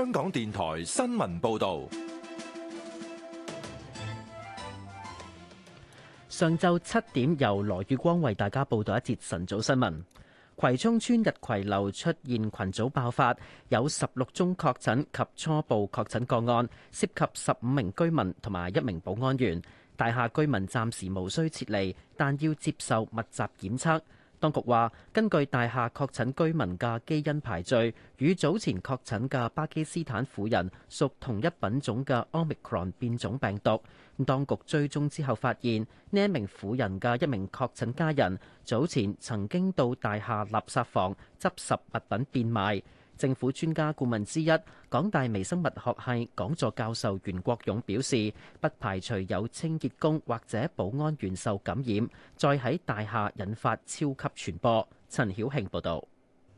香港電台新聞報道，上晝七點由羅月光為大家報道一節晨早新聞。葵涌村日葵樓出現群組爆發，有十六宗確診及初步確診個案，涉及十五名居民同埋一名保安員。大廈居民暫時無需撤離，但要接受密集檢測。當局話，根據大廈確診居民嘅基因排序，與早前確診嘅巴基斯坦婦人屬同一品種嘅 Omicron 變種病毒。咁當局追蹤之後發現，呢一名婦人嘅一名確診家人早前曾經到大廈垃圾房執拾物品變賣。政府專家顧問之一、港大微生物學系講座教授袁國勇表示，不排除有清潔工或者保安員受感染，再喺大廈引發超級傳播。陳曉慶報道。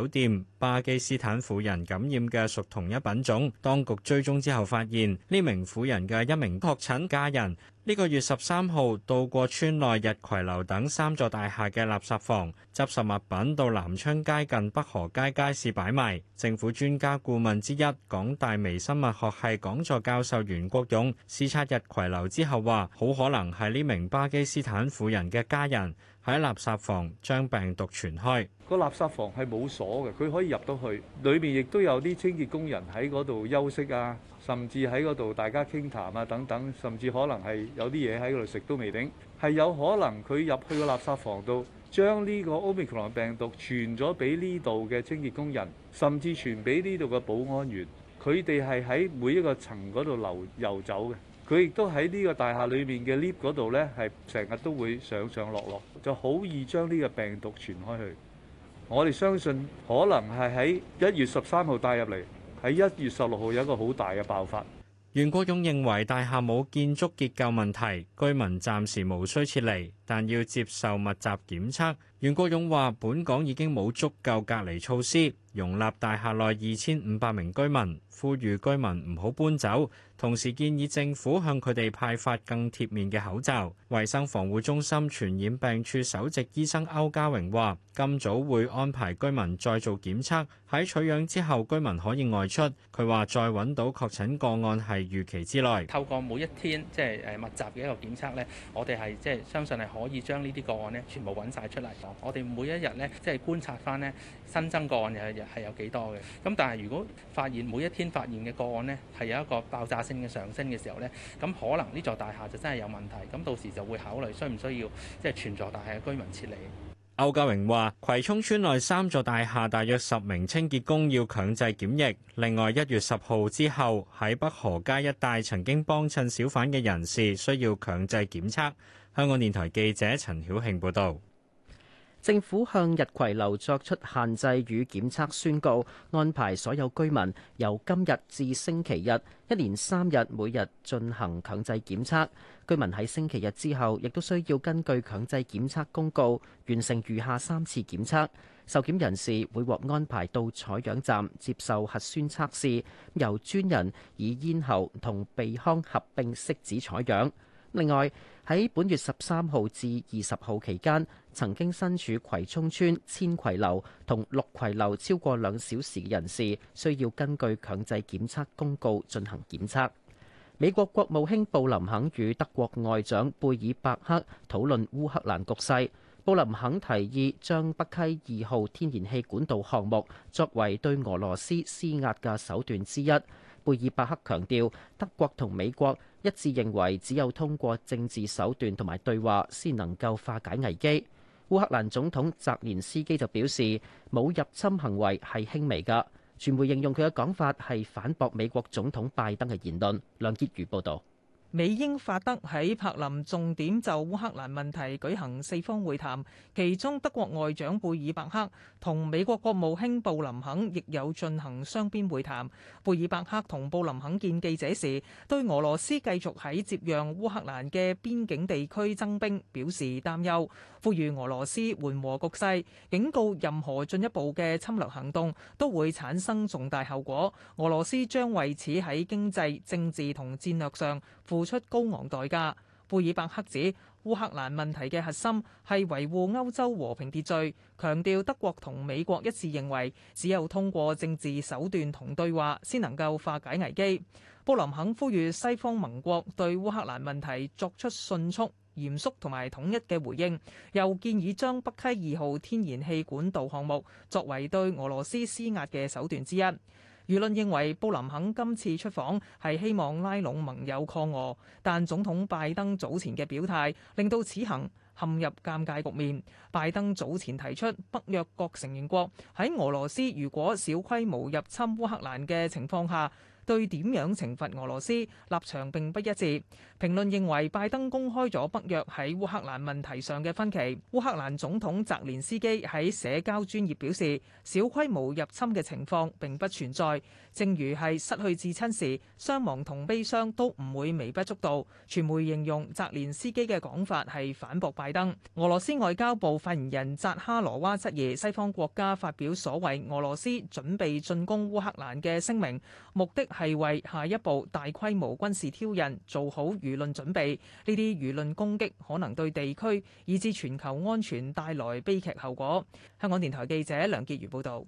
酒店巴基斯坦婦人感染嘅屬同一品種，當局追蹤之後發現呢名婦人嘅一名確診家人呢、這個月十三號到過村內日葵樓等三座大廈嘅垃圾房執拾物品，到南昌街近北河街街市擺賣。政府專家顧問之一港大微生物學系講座教授袁國勇視察日葵樓之後話，好可能係呢名巴基斯坦婦人嘅家人。喺垃圾房將病毒傳開，個垃圾房係冇鎖嘅，佢可以入到去。裏面亦都有啲清潔工人喺嗰度休息啊，甚至喺嗰度大家傾談啊等等，甚至可能係有啲嘢喺嗰度食都未定。係有可能佢入去個垃圾房度，將呢個 Omicron 病毒傳咗俾呢度嘅清潔工人，甚至傳俾呢度嘅保安員。佢哋係喺每一個層嗰度流遊走嘅。佢亦都喺呢個大廈裏面嘅 lift 嗰度呢係成日都會上上落落，就好易將呢個病毒傳開去。我哋相信可能係喺一月十三號帶入嚟，喺一月十六號有一個好大嘅爆發。袁國勇認為大廈冇建築結構問題，居民暫時無需撤離，但要接受密集檢測。袁國勇話：本港已經冇足夠隔離措施，容納大廈內二千五百名居民，呼籲居民唔好搬走。同時建議政府向佢哋派發更貼面嘅口罩。衞生防護中心傳染病處首席醫生歐家榮話：今早會安排居民再做檢測，喺取樣之後，居民可以外出。佢話再揾到確診個案係預期之內。透過每一天即係誒密集嘅一個檢測咧，我哋係即係相信係可以將呢啲個案咧全部揾晒出嚟。我哋每一日呢，即係觀察翻呢新增個案係係有幾多嘅。咁但係如果發現每一天發現嘅個案呢，係有一個爆炸性嘅上升嘅時候呢，咁可能呢座大廈就真係有問題，咁到時就會考慮需唔需要即係全座大廈嘅居民撤離。歐家榮話葵涌邨內三座大廈大約十名清潔工要強制檢疫。另外，一月十號之後，喺北河街一帶曾經幫襯小販嘅人士需要強制檢測。香港電台記者陳曉慶報道。政府向日葵樓作出限制與檢測宣告，安排所有居民由今日至星期日一連三日，每日進行強制檢測。居民喺星期日之後，亦都需要根據強制檢測公告完成餘下三次檢測。受檢人士會獲安排到採樣站接受核酸測試，由專人以咽喉同鼻腔合併拭子採樣，另外，喺本月十三號至二十號期間，曾經身處葵涌村千葵樓同六葵樓超過兩小時嘅人士，需要根據強制檢測公告進行檢測。美國國務卿布林肯與德國外長貝爾伯克討論烏克蘭局勢，布林肯提議將北溪二號天然氣管道項目作為對俄羅斯施壓嘅手段之一。貝爾伯克強調，德國同美國，一致認為只有通過政治手段同埋對話，先能夠化解危機。烏克蘭總統澤連斯基就表示，冇入侵行為係輕微㗎。傳媒形容佢嘅講法係反駁美國總統拜登嘅言論。梁潔如報導。美英法德喺柏林重點就烏克蘭問題舉行四方會談，其中德國外長貝爾伯克同美國國務卿布林肯亦有進行雙邊會談，貝爾伯克同布林肯見記者時對俄羅斯繼續喺接壤烏克蘭嘅邊境地區增兵表示擔憂，呼籲俄羅斯緩和局勢，警告任何進一步嘅侵略行動都會產生重大後果，俄羅斯將為此喺經濟政治同戰略上，付出高昂代價，貝爾伯克指，烏克蘭問題嘅核心係維護歐洲和平秩序，強調德國同美國一致認為只有通過政治手段同對話先能夠化解危機，布林肯呼籲西方盟國對烏克蘭問題作出迅速、嚴肅同埋統一嘅回應，又建議將北溪二號天然氣管道項目作為對俄羅斯施壓嘅手段之一。輿論認為布林肯今次出訪係希望拉攏盟友抗俄，但總統拜登早前嘅表態令到此行陷入尷尬局面。拜登早前提出北約各成員國喺俄羅斯如果小規模入侵烏克蘭嘅情況下。對點樣懲罰俄羅斯，立場並不一致。評論認為拜登公開咗北約喺烏克蘭問題上嘅分歧。烏克蘭總統澤連斯基喺社交專頁表示，小規模入侵嘅情況並不存在。正如係失去至親時，傷亡同悲傷都唔會微不足道。傳媒形容澤連斯基嘅講法係反駁拜登。俄羅斯外交部發言人扎哈羅娃質疑西方國家發表所謂俄羅斯準備進攻烏克蘭嘅聲明，目的係為下一步大規模軍事挑釁做好輿論準備，呢啲輿論攻擊可能對地區以至全球安全帶來悲劇後果。香港電台記者梁潔如報導。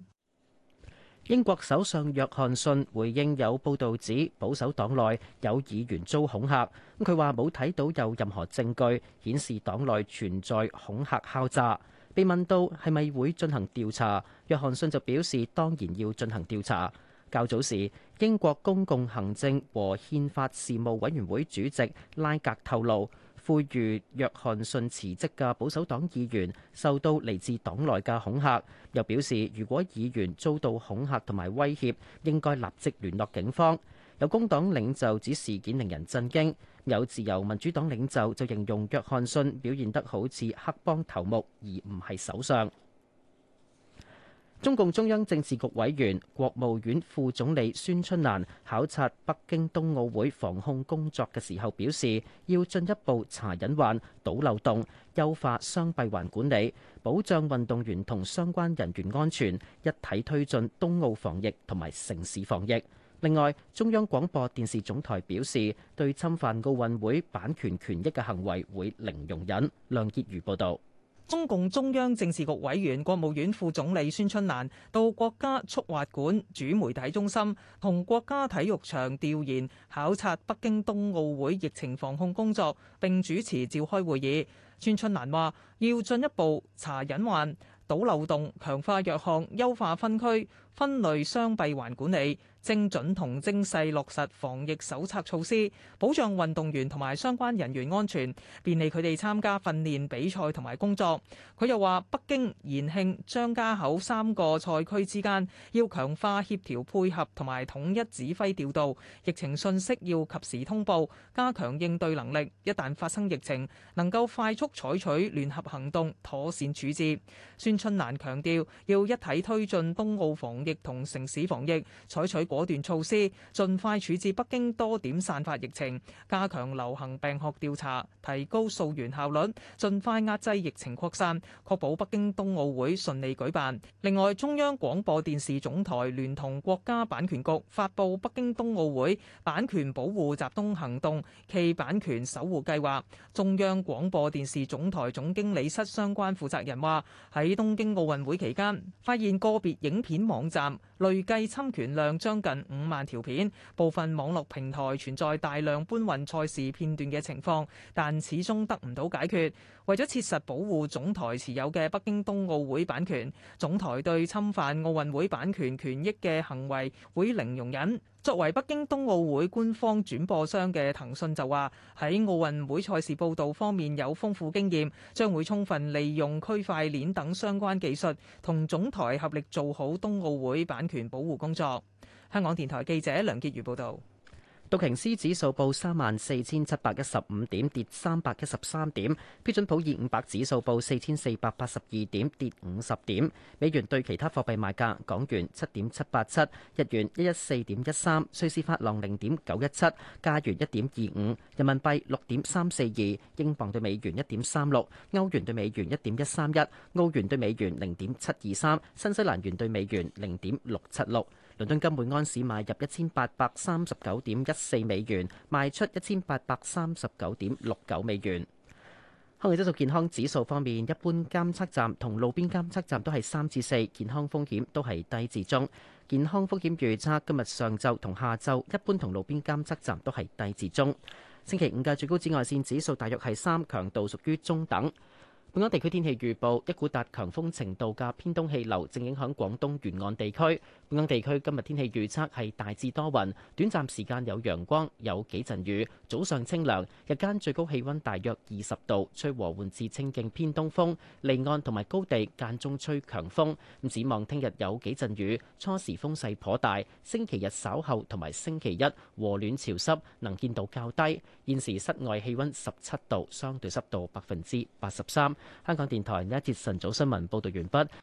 英國首相約翰遜回應有報道指保守黨內有議員遭恐嚇，咁佢話冇睇到有任何證據顯示黨內存在恐嚇敲詐。被問到係咪會進行調查，約翰遜就表示當然要進行調查。較早時，英國公共行政和憲法事務委員會主席拉格透露，呼籲約翰遜辭職嘅保守黨議員受到嚟自黨內嘅恐嚇，又表示如果議員遭到恐嚇同埋威脅，應該立即聯絡警方。有工黨領袖指事件令人震驚，有自由民主黨領袖就形容約翰遜表現得好似黑幫頭目而，而唔係首相。中共中央政治局委員、國務院副總理孫春蘭考察北京冬奧會防控工作嘅時候表示，要進一步查隱患、堵漏洞，優化雙閉環管理，保障運動員同相關人員安全，一體推進冬奧防疫同埋城市防疫。另外，中央廣播電視總台表示，對侵犯奧運會版權權益嘅行為會零容忍。梁潔如報道。中共中央政治局委員、國務院副總理孫春蘭到國家速滑館主媒體中心同國家體育場調研考察北京冬奧會疫情防控工作，並主持召開會議。孫春蘭話：要進一步查隱患、堵漏洞，強化弱項，優化分區分類雙閉環管理。精準同精細落實防疫手冊措施，保障運動員同埋相關人員安全，便利佢哋參加訓練、比賽同埋工作。佢又話：北京、延慶、張家口三個賽區之間要強化協調配合同埋統一指揮調度，疫情信息要及時通報，加強應對能力。一旦發生疫情，能夠快速採取聯合行動，妥善處置。孫春蘭強調，要一體推進冬奧防疫同城市防疫，採取，果斷措施，盡快處置北京多點散發疫情，加強流行病學調查，提高溯源效率，盡快壓制疫情擴散，確保北京冬奧會順利舉辦。另外，中央廣播電視總台聯同國家版權局發布北京冬奧會版權保護集中行動暨版權守護計劃。中央廣播電視總台總經理室相關負責人話：喺東京奧運會期間，發現個別影片網站累計侵權量將。近五萬條片，部分網絡平台存在大量搬運賽事片段嘅情況，但始終得唔到解決。為咗切實保護總台持有嘅北京冬奧會版權，總台對侵犯奧運會版權權益嘅行為會零容忍。作為北京冬奧會官方轉播商嘅騰訊就話喺奧運會賽事報道方面有豐富經驗，將會充分利用區塊鏈等相關技術，同總台合力做好冬奧會版權保護工作。香港電台記者梁潔如報道，道瓊斯指數報三萬四千七百一十五點，跌三百一十三點；標準普爾五百指數報四千四百八十二點，跌五十點。美元兌其他貨幣賣價：港元七點七八七，日元一一四點一三，瑞士法郎零點九一七，加元一點二五，人民幣六點三四二，英鎊對美元一點三六，歐元對美元一點一三一，澳元對美元零點七二三，新西蘭元對美元零點六七六。倫敦金每安士買入一千八百三十九點一四美元，賣出一千八百三十九點六九美元。空氣質素健康指數方面，一般監測站同路邊監測站都係三至四，健康風險都係低至中。健康風險預測今日上晝同下晝，一般同路邊監測站都係低至中。星期五嘅最高紫外線指數大約係三，強度屬於中等。本港地區天氣預報：一股達強風程度嘅偏東氣流正影響廣東沿岸地區。本港地區今日天氣預測係大致多雲，短暫時間有陽光，有幾陣雨。早上清涼，日間最高氣温大約二十度，吹和緩至清勁偏東風。離岸同埋高地間中吹強風。咁展望聽日有幾陣雨，初時風勢頗大。星期日稍後同埋星期一和暖潮濕，能見度較低。現時室外氣温十七度，相對濕度百分之八十三。香港電台一節晨早新聞報道完畢。